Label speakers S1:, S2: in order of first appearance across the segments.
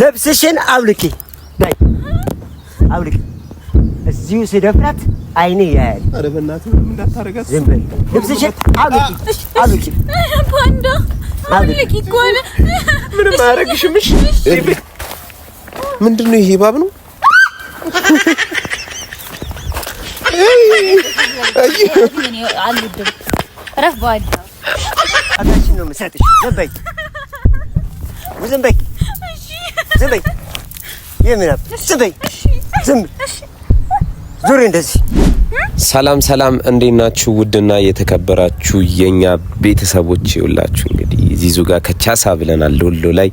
S1: ልብስሽን አውልቂ ዳይ አውልቂ። እዚሁ ስደፍራት አይኔ ያያል።
S2: ኧረ በእናትህ ምንም እንዳታረጋት
S1: ዝም በል። ልብስሽን አውልቂ
S3: አውልቂ። ፓንዳ አውልቂ እኮ
S2: ምንም አያረግሽም። እሺ ምንድን ነው ይሄ? እባብ ነው።
S3: እረፍ በኋላ
S1: ነው የምሰጥሽ። ዝም በይ ዝም በይ ዝም በይ። የምዕራብ ዝም በይ። ዝም ዙሪ እንደዚህ ሰላም ሰላም፣ እንዴት ናችሁ? ውድና የተከበራችሁ የኛ ቤተሰቦች ይውላችሁ እንግዲህ ዚዙ ጋር ከቻሳ ብለናል። ወሎ ላይ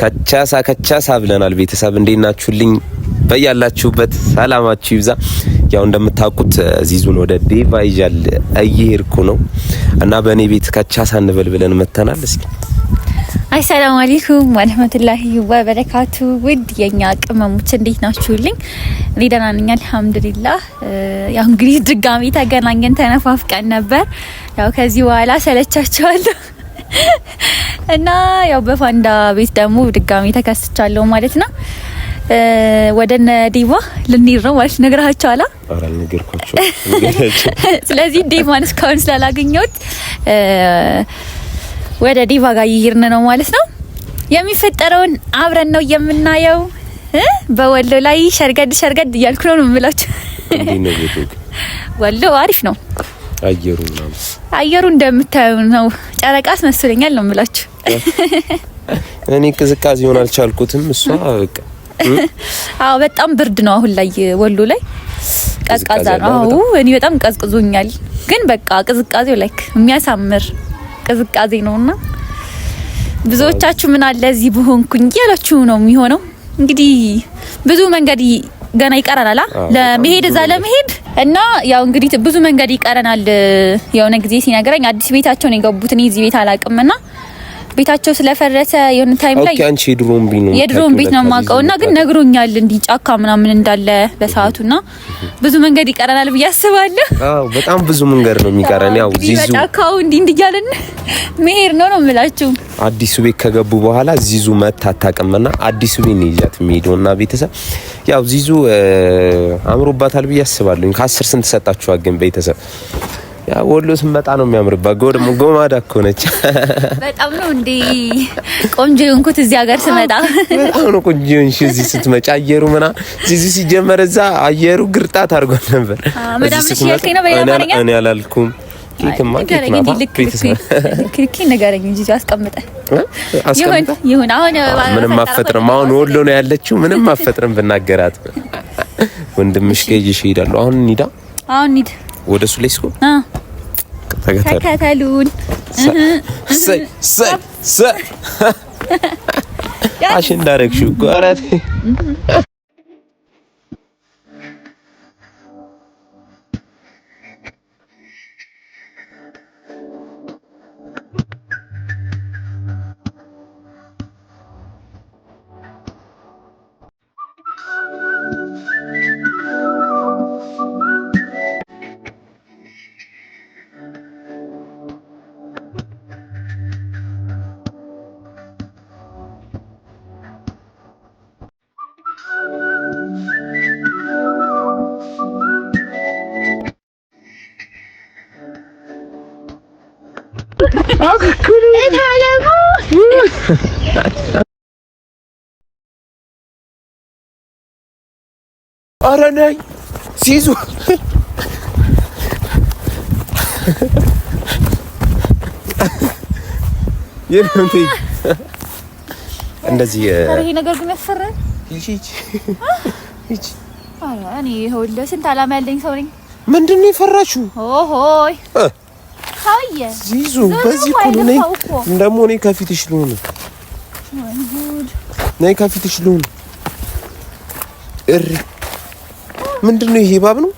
S1: ከቻሳ ከቻሳ ብለናል። ቤተሰብ እንዴት ናችሁልኝ? በያላችሁበት ሰላማችሁ ይብዛ። ያው እንደምታውቁት ዚዙን ወደ ዴቫ ይዣል እየሄድኩ ነው እና በእኔ ቤት ከቻሳ እንበል ብለን መተናል። እስኪ
S3: አሰላሙ አለይኩም ወረህመቱላሂ ወበረካቱ። ውድ የኛ ቅመሞች እንዴት ናችሁልኝ? እኔ ደህና ነኝ አልሐምዱሊላህ። ያው እንግዲህ ድጋሚ ተገናኘን፣ ተነፋፍቀን ነበር። ያው ከዚህ በኋላ ሰለቻችኋለሁ እና ያው በፋንዳ ቤት ደግሞ ድጋሚ ተከስቻለሁ ማለት ነው። ወደ እነ ዴቫ ልንሄድ ነው ማለት ነግራችኋላ።
S2: ኧረ አልነገርኳቸውም።
S3: ስለዚህ ዴቫን እስካሁን ስላላገኘሁት ወደ ዲቫ ጋር እየሄድን ነው ማለት ነው። የሚፈጠረውን አብረን ነው የምናየው። በወሎ ላይ ሸርገድ ሸርገድ እያልኩ ነው የምላችሁ። ወሎ አሪፍ ነው
S2: አየሩ ምናምን
S3: አየሩ እንደምታዩ ነው። ጨረቃ አስመስለኛል ነው የምላችሁ።
S2: እኔ ቅዝቃዜ ሆን አልቻልኩትም። እሷ በቃ
S3: አዎ፣ በጣም ብርድ ነው አሁን ላይ ወሎ ላይ ቀዝቃዛ ነው። አዎ እኔ በጣም ቀዝቅዞኛል፣ ግን በቃ ቅዝቃዜው ላይክ የሚያሳምር ቅዝቃዜ ነውና ብዙዎቻችሁ ምን አለ እዚህ በሆንኩኝ እያላችሁ ነው የሚሆነው። እንግዲህ ብዙ መንገድ ገና ይቀረናል ለመሄድ እዛ ለመሄድ እና ያው እንግዲህ ብዙ መንገድ ይቀረናል። የሆነ ጊዜ ሲነግረኝ አዲስ ቤታቸውን የገቡት እኔ እዚህ ቤት አላቅምና ቤታቸው ስለፈረሰ የሆነ ታይም
S2: ላይ አንቺ የድሮን ቤት ነው
S3: የድሮን ቤት ነው የማውቀው እና ግን ነግሮኛል እንዲህ ጫካ ምናምን እንዳለ በሰዓቱ እና ብዙ መንገድ ይቀረናል ብዬ አስባለሁ።
S2: አዎ በጣም ብዙ መንገድ ነው የሚቀረን። ያው ዚዙ
S3: ጫካው እንዲህ እንዲህ እያለን መሄድ ነው ነው የምላችሁ።
S2: አዲሱ ቤት ከገቡ በኋላ ዚዙ መታ አታውቅምና አዲሱ ቤት ነው ይዛት የሚሄደው እና ቤተሰብ ያው ዚዙ አምሮባታል ብዬ አስባለሁ። ከአስር ስንት ሰጣችኋት ግን ቤተሰብ ያ ወሎ ስመጣ ነው የሚያምርባት። ጎድም ጎማዳ እኮ ነች።
S3: በጣም ነው እንዴ ቆንጆ የሆንኩት እዚህ ሀገር ስመጣ።
S2: በጣም ነው ቆንጆ የሆንሽ እዚህ ስትመጪ። አየሩ ምና እዚህ ሲጀመር እዛ አየሩ ግርጣት አድርጎ ነበር። እኔ አላልኩም። ኬክማ ኬክ ናት።
S3: ልክ ንገረኝ እንጂ አስቀምጠ ይሁን። አሁን
S2: ምንም አፈጥርም። አሁን ወሎ ነው ያለችው። ምንም አፈጥርም ብናገራት ወንድምሽ ከይዤሽ እሄዳለሁ። አሁን እንሂዳ፣ አሁን እንሂድ ወደ ሱሌስኮ
S3: ተከተሉን።
S2: አሸንዳ ረግሽው ኧረ ነይ ሲይዙ እንደዚህ
S3: ነገር ግን ያስፈራል። እኔ ይኸውልህ ስንት አላማ ያለኝ ሰው ነኝ።
S2: ምንድን ነው የፈራችሁ?
S3: ኦሆይ ሰውዬ
S2: ዚዙ በዚህ እኮ ነው። ደግሞ እኔ ከፊትሽ ልሆን ነይ ከፊትሽ ልሁን። እሪ ምንድን ነው ይሄ? እባብ ነው።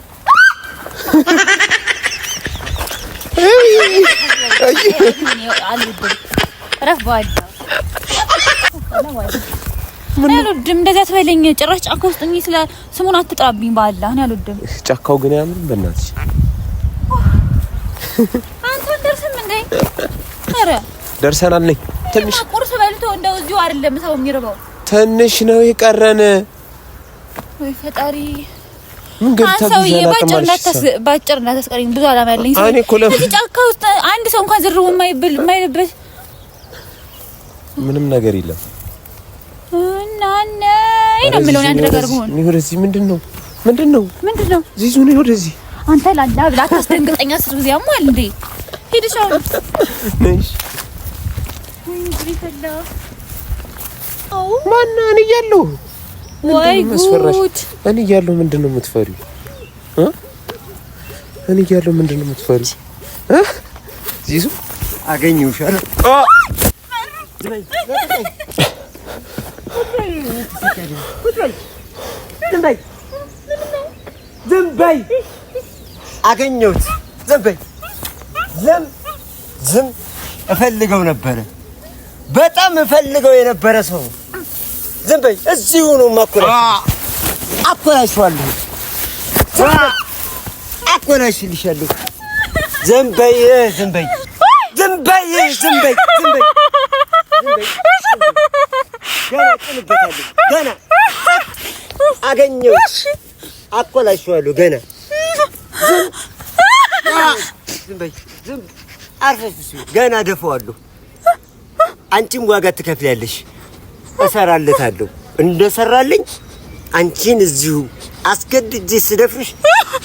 S3: አልወድም እንደዚያ ትበለኝ። ጭራሽ ጫካ ውስጥ ስለ ስሙን አትጥራብኝ። በአላህ እኔ አልወድም።
S2: ጫካው ግን አያምርም። በእናትሽ
S3: አንተ ደርስም እንደ ኧረ ደርሰናል ነኝ ትንሽ ቁርስ በልቶ እንደው እዚሁ አይደለም ሰው የሚርበው።
S2: ትንሽ ነው የቀረን።
S3: ወይ ፈጣሪ ባጭር እንዳታስቀሪኝ። ብዙ አላማ ያለኝ እዚህ ጫካ ውስጥ አንድ ሰው እንኳን ዝርቡ የማይብል የማይልበት
S2: ምንም ነገር የለም።
S3: እና አንተ ላላ ብላ እንዴ ሄድሻው
S2: ማና እኔ እያለሁ እኔ እያለሁ ምንድን ነው የምትፈሪው? እኔ እያለሁ ምንድን ነው የምትፈሪው? ዚዙ ዝም
S1: በይ አገኘሁት። ዝም በይ ዝም ዝም እፈልገው ነበረ በጣም ፈልገው የነበረ ሰው ዝም በይ። እዚሁ ነው ማኮላ አኮላሽዋለሁ፣ አኮላሽልሻለሁ። ዝም በይ፣ ዝም በይ፣ ዝም በይ፣ ዝም በይ፣ ዝም በይ። ገና ቅንበታለሁ፣ ገና አገኘሁሽ፣ አኮላሽዋለሁ። ገና ዝም በይ፣ ዝም አርፈሽ፣ ገና ደፈዋለሁ አንቺም ዋጋ ትከፍያለሽ። እሰራለታለሁ። እንደሰራልኝ አንቺን እዚሁ አስገድጄ ስደፍርሽ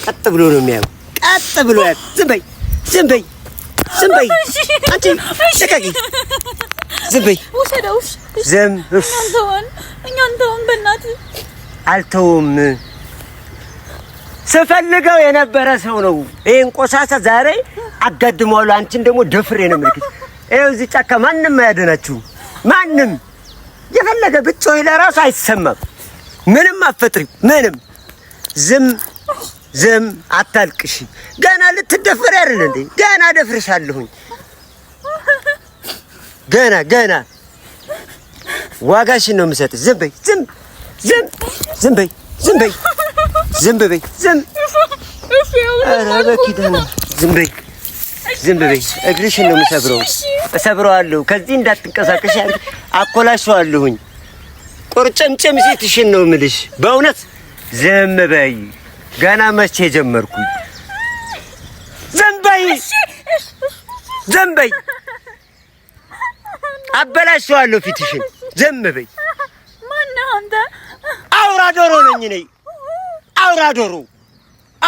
S1: ቀጥ ብሎ ነው የሚያዩ። ቀጥ ብሎ ያ ዝም በይ፣ ዝም በይ፣ ዝም በይ። አንቺ ሸቀቂ ዝም በይ። ውሰደውሽ። ዝም በእናትህ አልተውም። ስፈልገው የነበረ ሰው ነው። ይሄን ቆሻሻ ዛሬ አጋድመዋለሁ። አንቺን ደግሞ ደፍሬ ነው ምልክት ይኸው እዚህ ጫካ ማንም አያደናችሁ። ማንም የፈለገ ብጮይ ለራሱ አይሰማም። ምንም አፈጥሪ ምንም ዝም ዝም አታልቅሽ። ገና ልትደፈሪ አይደል እንዴ? ገና ደፍርሻለሁኝ። ገና ገና ዋጋሽን ነው የምሰጥሽ። ዝም በይ ዝም ዝም ዝም በይ ዝም በይ ዝም በይ ዝም ኧረ በኪዳን ዝም በይ ዝም በይ። እግርሽን ነው የምሰብረው። እሰብረዋለሁ። ከዚህ እንዳትንቀሳቀሽ አኮላሽዋለሁኝ። ቁርጭምጭም ሴትሽን ነው የምልሽ። በእውነት ዝም በይ። ገና መቼ ጀመርኩ? ዝም በይ፣ ዝም በይ። አበላሽዋለሁ ፊትሽን። ዝም በይ። አውራ ዶሮ ነኝ ነኝ አውራ ዶሮ።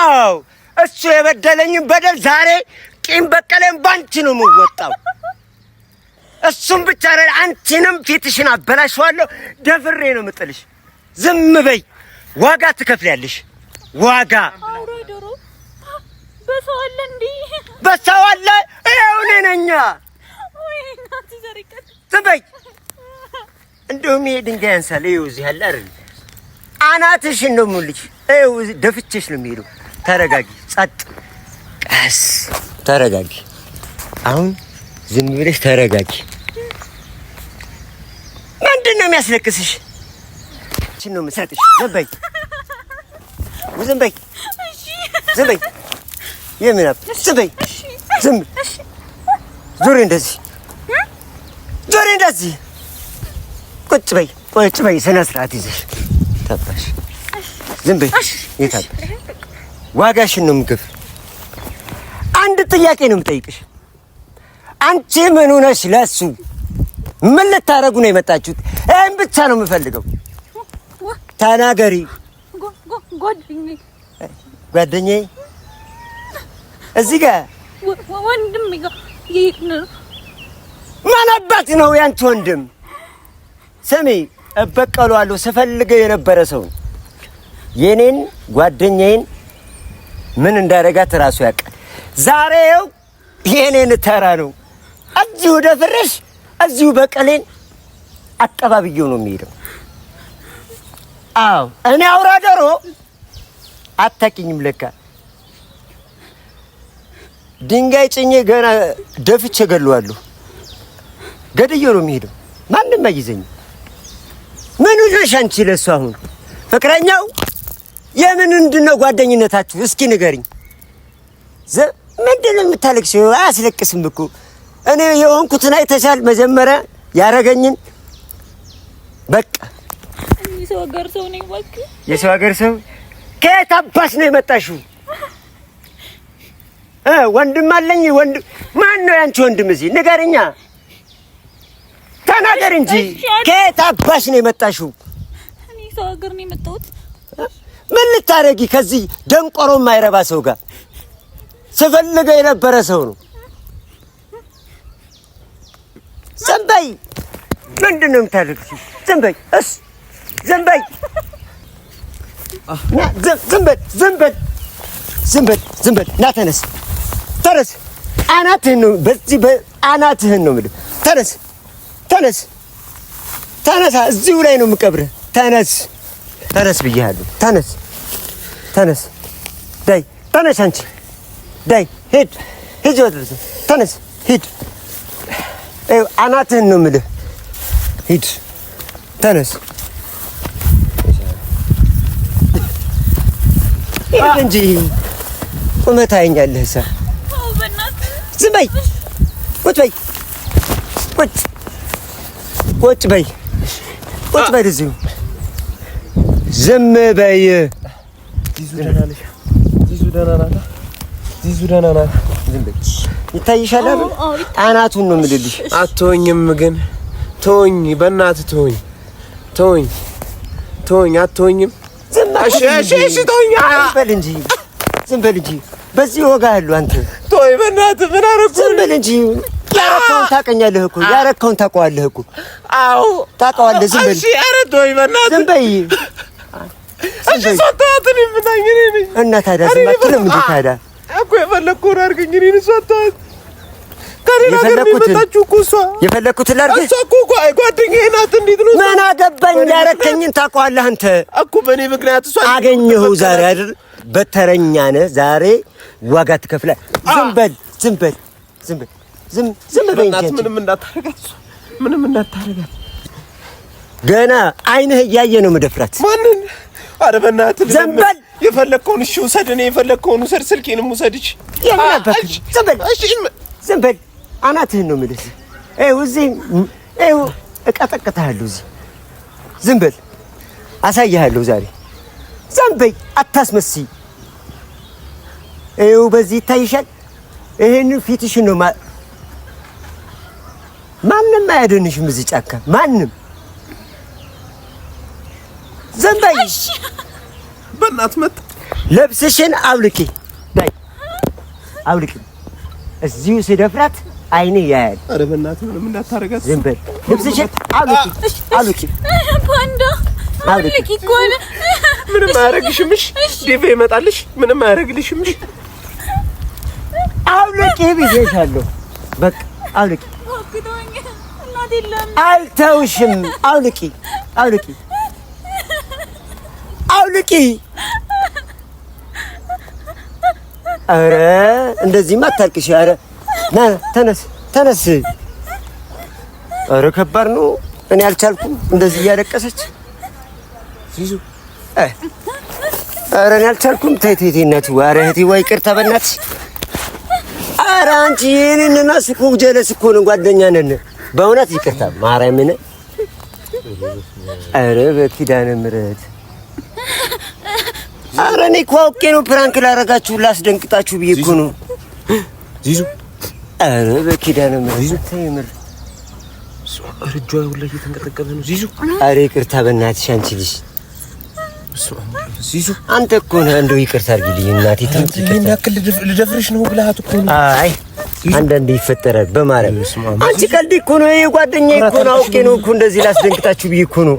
S1: አዎ እሱ የበደለኝም በደል ዛሬ ቂም በቀለም ባንቺ ነው የምወጣው። እሱም ብቻ አይደል፣ አንቺንም ፊትሽን አበላሽዋለሁ። ደፍሬ ነው የምጥልሽ። ዝም በይ፣ ዋጋ ትከፍያለሽ። ዋጋ
S3: በሰው አለ እንዴ?
S1: በሰው አለ። ይኸው እኔ ነኝ። ዝም በይ። እንደውም ይሄ ድንጋይ አንሳል። ይኸው እዚህ አለ አይደል? አናትሽን ነው የምልሽ። ይኸው ደፍቼሽ ነው የሚሄደው። ተረጋጊ፣ ጸጥ፣ ቀስ ተረጋጊ። አሁን ዝም ብለሽ ተረጋጊ። ምንድን ነው የሚያስለቅስሽ? ችን ነው የምሰጥሽ። ዝም በይ፣ ዝም በይ፣ ዝም በይ፣ የምናብ ዝም በይ፣ ዝም ዞሪ፣ እንደዚህ ዞሪ፣ እንደዚህ ቁጭ በይ፣ ቁጭ በይ፣ ስነ ስርዓት ይዘሽ ተባሽ። ዝም በይ። የታባሽ ዋጋሽን ነው የምገፍ ጥያቄ ነው የምጠይቅሽ። አንቺ ምን ሆነሽ ለሱ ምን ልታረጉ ነው የመጣችሁት? ይህን ብቻ ነው የምፈልገው። ተናገሪ። ጓደኛዬ እዚህ ጋር ወንድም ማናባት ነው ያንቺ ወንድም? ስሚ፣ እበቀለዋለሁ ስፈልገው የነበረ ሰው የኔን ጓደኛዬን ምን እንዳደረጋት እራሱ ያውቃል። ዛሬው የኔን ተራ ነው። እዚሁ ደፍረሽ እዚሁ በቀሌን አቀባብዬው ነው የሚሄደው። አዎ እኔ አውራ ዶሮ አታውቂኝም ለካ። ድንጋይ ጭኜ ገና ደፍቼ ገለዋለሁ። ገድዬ ነው የሚሄደው። ማንም አይዘኝም። ምን ነሽ አንቺ ለእሱ አሁን ፍቅረኛው? የምን እንድነው ጓደኝነታችሁ? እስኪ ንገሪኝ። ምንድን ነው የምታለቅሽው? አያስለቅስም እኮ እኔ የሆንኩትን አይተሻል። መጀመሪያ ያረገኝን በቃ የሰው ሀገር ሰው ከየት አባሽ ነው የመጣሽው? ወንድም አለኝ። ወንድ ማን ነው ያንቺ ወንድም? እዚህ ንገርኛ፣ ተናገር እንጂ ከየት አባሽ ነው የመጣሽው?
S3: እኔ ሰው ሀገር ነው የመጣሁት።
S1: ምን ልታረጊ ከዚህ ደንቆሮ ማይረባ ሰው ጋር ስፈልገው የነበረ ሰው ነው። ዝም በይ! ምንድን ነው የምታደርጊው? ዝም በይ! እስ ዝም በይ! ዝም በል! ዝም በል! ዝም በል! ዝም በል! ና ተነስ፣ ተነስ! አናትህን ነው በዚህ በአናትህን ነው የምልህ። ተነስ፣ ተነስ፣ ተነሳ! እዚሁ ላይ ነው የምቀብርህ። ተነስ፣ ተነስ ብያለሁ። ተነስ፣ ተነስ! ዳይ ተነሽ አንቺ ዳይ ሂድ ሂድ፣ ተነስ ሂድ። አናትህን ነው የምልህ። ሂድ ተነስ ሂድ እንጂ ቁመት አየኛለህ። እዛ ዝም በይ፣ ቁጭ በይ፣ ቁጭ ቁጭ በይ፣ ቁጭ በይ፣ እዚሁ ዝም በይ።
S2: እዚህ ዙሪያ ና ዝም በይ
S1: ይታይሻል አናቱን ነው የምልልሽ።
S2: አትሆኝም ግን ተወኝ፣ በእናትህ ተወኝ፣ ተወኝ፣ ተወኝ። አትሆኝም። ዝም በል እንጂ ዝም
S1: በል እንጂ አንተ
S2: ተወኝ፣ በእናትህ ምን አደረኩ?
S1: ዝም በል እንጂ ያረከውን ታውቀኛለህ እኮ ያረከውን ታውቀዋለህ እኮ። አዎ ታውቀዋለህ። ዝም በል
S2: ኧረ ተወኝ፣ በእናትህ ዝም በይ። እሺ
S1: እና ታዲያ ዝም አትልም እንዴ ታዲያ
S2: እኮ የፈለግከውን አድርገኝ። እኔን እሷ አታውቅም። ከሌላ ሀገር የመጣችሁ እኮ እሷ።
S1: የፈለግኩትን ላድርግ።
S2: እሷ እኮ ጓደኛዬ ናት። እንዴት
S1: ነው? ምን አገባኝ? ያረከኝን ታውቀዋለህ አንተ
S2: እኮ። በእኔ ምክንያት እሷ
S1: አገኘኸው ዛሬ አይደል? በተረኛ ነህ ዛሬ ዋጋ ትከፍላለህ። ዝም በል፣ ዝም በል፣ ዝም በል፣ ዝም ዝም በል።
S2: ምንም እንዳታረጋት ምንም እንዳታረጋት።
S1: ገና አይንህ እያየ ነው የምደፍራት።
S2: ማንን? ኧረ በእናትህ ዝም በል የፈለግከውን እሺ ውሰድ፣ እኔ የፈለግከውን ውሰድ፣ ስልኬንም ውሰድ።
S1: እሺ ዝም በል አናትህን ነው የምልህ። ይኸው እዚህ ይኸው እቀጠቅጥሃለሁ። እዚህ ዝም በል፣ አሳይሃለሁ ዛሬ። ዝም በይ፣ አታስመስይ። ይኸው በዚህ ይታይሻል። ይሄንን ፊትሽን ነው ማንም አያደንሽም። እዚህ ጫካ ማንም ዝም በይ። በእናት መጣ። ልብስሽን አውልቂ ዳይ አውልቂ። እዚሁ ስደፍራት አይኔ ያያል።
S2: አረ በእናት ምንም እንዳታረጋት
S1: ዝም በል። ልብስሽን አውልቂ አውልቂ።
S3: ፓንዳ አውልቂ እኮ
S2: ምንም አያረግሽምሽ። ዴቭ ይመጣልሽ ምንም አያረግልሽምሽ።
S1: አውልቂ ብዬሻለሁ። በቃ አውልቂ። አልተውሽም። አውልቂ አውልቂ አታውልቂ። አረ እንደዚህም አታልቅሽ። አረ ና ተነስ፣ ተነስ። አረ ከባድ ነው። እኔ አልቻልኩም። እንደዚህ እያለቀሰች ይዙ አረ እኔ አልቻልኩም። ተይ ተይ ተይ፣ እናትዬ አረ እህቴዋ ይቅርታ በእናትሽ። አረ አንቺ ይሄንንና ስኩ ጀለስ እኮ ነው ጓደኛ ነን። በእውነት ይቅርታ ማርያምን። አረ በኪዳነ ምሕረት ኧረ እኔ እኮ አውቄ ነው ፕራንክ ላደርጋችሁ ላስደንቅጣችሁ ብዬ እኮ ነው። ዚዙ ኧረ በኪዳነ
S2: ምህረት የምር እጇ ሁላ እየተንቀጠቀጠ ነው። ዚዙ
S1: አረ ይቅርታ በእናትሽ አንቺ ልጅ ዚዙ አንተ እኮ ነህ እንደው ይቅርታ አድርጊልኝ እናቴ። ትምህርት
S2: ይቅርታ ልደፍርሽ ነው ብለሃት እኮ
S1: ነው። አይ አንዳንዴ ይፈጠራል በማለት አንቺ ቀልድ እኮ ነው። ይሄ ጓደኛዬ እኮ ነው። አውቄ ነው እኮ እንደዚህ ላስደንቅጣችሁ ብዬ እኮ ነው።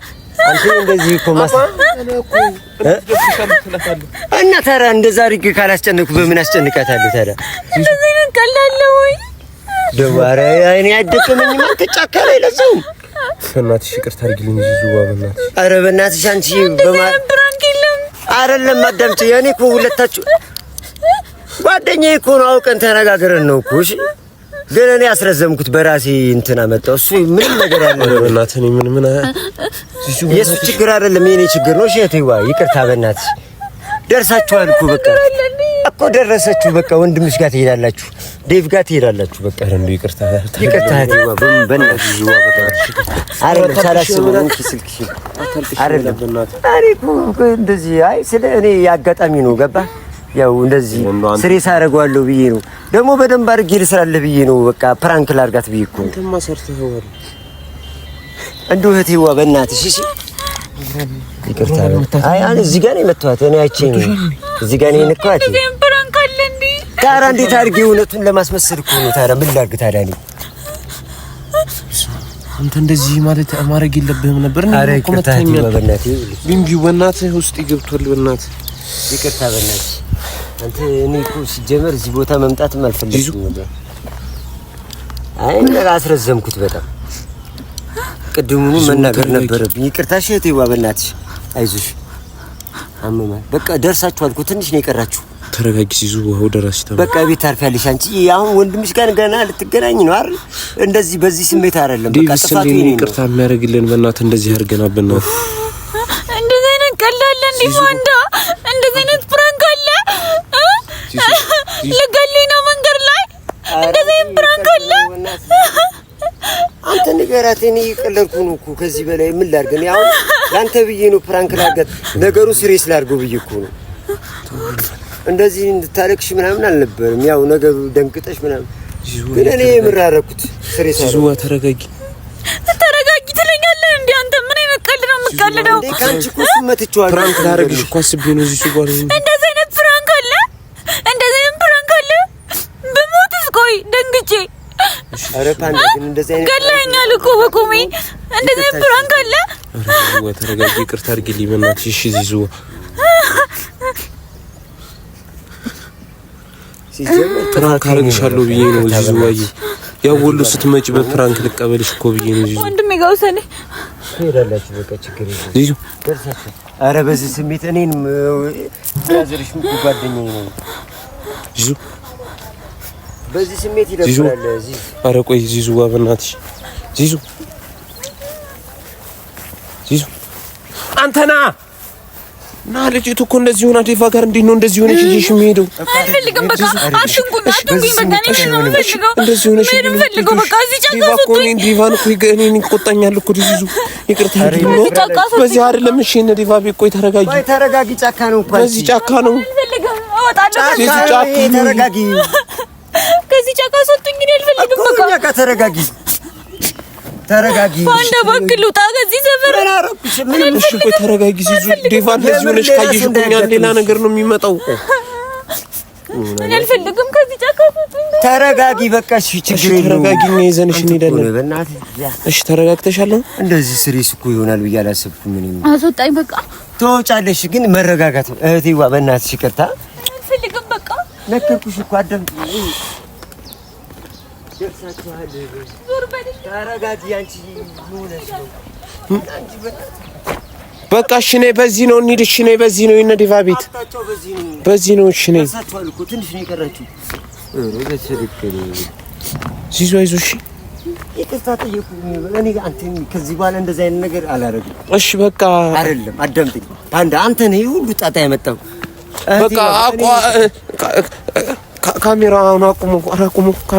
S1: አንቺ እንደዚህ እኮ እና ታዲያ እንደዛ አድርጌ ካላስጨነኩ በምን አስጨንቃታለሁ?
S3: ታዲያ
S1: እንደዚህ አይኔ ያደከመኝ ተጫካ ላይ ለሰው
S2: በእናትሽ ይቅርታ አድርጊልኝ። በእናትሽ
S1: አረ በእናትሽ አንቺ አይደለም አዳምጪ። እኮ ሁለታችሁ ጓደኛዬ እኮ ነው አውቀን ተነጋግረን ነው እኮ እሺ ግን እኔ ያስረዘምኩት በራሴ እንትን አመጣው። እሱ ምንም ነገር
S2: ያለው እናትን ምን ምን
S1: የእሱ ችግር አይደለም፣ የኔ ችግር ነው። እህቴዋ ይቅርታ፣ በእናት ደርሳችኋል እኮ በቃ እኮ ደረሰችሁ። በቃ ወንድምሽ ጋር ትሄዳላችሁ፣ ዴቭ ጋር ትሄዳላችሁ። በቃ ረንዱ ይቅርታ፣ ይቅርታ ይቅርታ፣ በእናትሽ አይደለም ሳላስበው እንኪ ስልክሽ አይደለም። እኔ እኮ እንደዚህ አይ፣ ስለ እኔ አጋጣሚ ነው ገባ ያው እንደዚህ ስሬ አደርገዋለሁ ብዬ ነው ደግሞ በደንብ አድርጌ ልስራለህ ብዬ ነው በቃ ፕራንክ ላርጋት ብዬ እኮ እንዱ እህቴዋ በእናትሽ እሺ፣ ይቅርታ። አይ አን እዚህ ጋር ነው የመተዋት እኔ አይቼ ነው እዚህ ጋር ነው የነካኋት። ታዲያ እንዴት አድርጌ እውነቱን ለማስመሰል እኮ ነው። ታዲያ ምን ላድርግ? ታዲያ እኔ
S2: አንተ እንደዚህ ማለት ማድረግ የለብህም ነበር።
S1: አረ ይቅርታ በእናትህ
S2: ቢምቢ፣ በእናትህ ውስጥ ይገብቷል። በእናትህ
S1: ይቅርታ፣ በእናትህ አንተ እኔ እኮ ሲጀመር እዚህ ቦታ መምጣትም አልፈለግኩም ነበር። አይ አስረዘምኩት በጣም ቅድሙኑ መናገር ነበረብኝ። ይቅርታ እህቴ፣ በእናትሽ አይዞሽ፣ አመማል። በቃ ደርሳችኋል እኮ ትንሽ ነው የቀራችሁ።
S2: ተረጋጊ ሲዙ ወው ደራሽ ተባ
S1: በቃ ቤት ታርፊያለሽ። አንቺ አሁን ወንድምሽ ጋር ገና ልትገናኝ ነው አይደል? እንደዚህ በዚህ ስሜት አይደለም።
S2: በቃ ጥፋቱ ይሄ ነው። ይቅርታ የሚያደርግልን በእናት እንደዚህ አድርገና በእናት
S3: እንደዚህ አይነት ቀላል እንዴ ማንዳ፣ እንደዚህ አይነት ፕራንክ አለ ልገሉኝ ነው መንገድ ላይ እንደዚህ ፕራንክ አለ
S1: አንተ ንገራት። እኔ እየቀለድኩ ነው እኮ። ከዚህ በላይ ምን ላድርግ? እኔ አሁን ለአንተ ብዬ ነው ፕራንክ ላድርጋት፣ ነገሩ ሲሪየስ ላድርገው ብዬ እኮ ነው። እንደዚህ እንድታለቅሽ ምናምን አልነበረም። ያው ነገሩ ደንግጠሽ ምናምን፣ ግን እኔ የምር
S2: ሲሪየስ አድርገው። ዝዋ ተረጋጊ፣
S3: ተረጋጊ ትለኛለህ እንዴ? አንተ ምን አይነት ቀልድ ነው የምትቀልደው?
S1: ከአንቺ እኮ እሱን መትቼዋለሁ።
S2: ፕራንክ ላደርግሽ እኮ አስቤ ነው እዚህ ሲጓል
S1: ፓንዳ ግን
S3: እንደዚህ አይነት ገለኛል እኮ በቆሜ እንደዚህ ፕራንክ አለ።
S2: ተረጋጊ፣ ይቅርታ አድርጊልኝ በእናትሽ። እሺ ዚዙ ፕራንክ አደርግሻለሁ ብዬ ነው ዚዙ። ወይ ያው ወሎ ስትመጪ በፕራንክ ልቀበልሽ እኮ ብዬ ነው ዚዙ።
S3: ወንድሜ ጋር ውሰኔ
S1: ትሄዳላችሁ። በቃ ችግር የለም ዚዙ። ኧረ በዚህ ስሜት እኔንም ያዘርሽ ጓደኛዬ ነው ዚዙ በዚህ ስሜት
S2: ይደብራል። ኧረ ቆይ ዚዙ በእናትሽ ዚዙ ዚዙ አንተና ና ልጅቱ እኮ እንደዚህ ሆና ዴቫ ጋር እንዴት ነው እንደዚህ የሚሄደው?
S3: አልፈልግም። በቃ እዚህ ይቆጣኛል እኮ ዲዙ ይቅርታ
S2: በዚህ አይደለም። እሺ እነ ዴቫ ቤት ቆይ ተረጋጊ፣
S1: ተረጋጊ። ጫካ ነው
S2: በዚህ ጫካ ነው።
S1: ተረጋጊ በቃ ተረጋጊ፣ ተረጋጊ።
S3: አንድ እባክህ ልውጣ ከዚህ ሰፈር።
S2: ምንም እሺ፣ ቆይ ተረጋጊ። ሲዙ ዴቫ እንደዚህ ሆነሽ ካየሽ እኮ ሌላ ነገር ነው የሚመጣው።
S3: አልፈልግም ከዚህ ጫካ።
S1: ተረጋጊ፣ በቃ እሺ፣
S2: ችግር የለውም። ተረጋጊ፣ እኛ ይዘንሽ እንሄዳለን። እሺ፣ ተረጋግተሻል።
S1: እንደዚህ ስሬስ እኮ ይሆናል ብዬ አላሰብኩም።
S3: ምን አስወጣኝ። በቃ
S1: ትወጫለሽ፣ ግን መረጋጋት። እህቴዋ፣ በእናትሽ ይቅርታ።
S3: አልፈልግም፣ በቃ
S1: ነከርኩሽ እኮ አደም ደርሳችኋል። ተረጋጊ። አንቺ ሆነች ነው
S2: በቃ እሺ፣ በዚህ ነው እንሂድ። እሺ፣ በዚህ ነው የእነ ዲቫ ቤት በዚህ ነው። እሺ፣ ነይ ዚዞ አይዞ። እሺ፣
S1: ይቅርታ ጠየቁ። እኔ አንተን ከዚህ በኋላ እንደዚህ አይነት ነገር አላደርግም። እሺ፣ በቃ አይደለም። አዳምጠኝ ፓንዳ፣ አንተ ነህ ሁሉ ጣጣ ያመጣው።
S2: በቃ አቋ ካሜራውን አቁሙ፣ አቁሙ።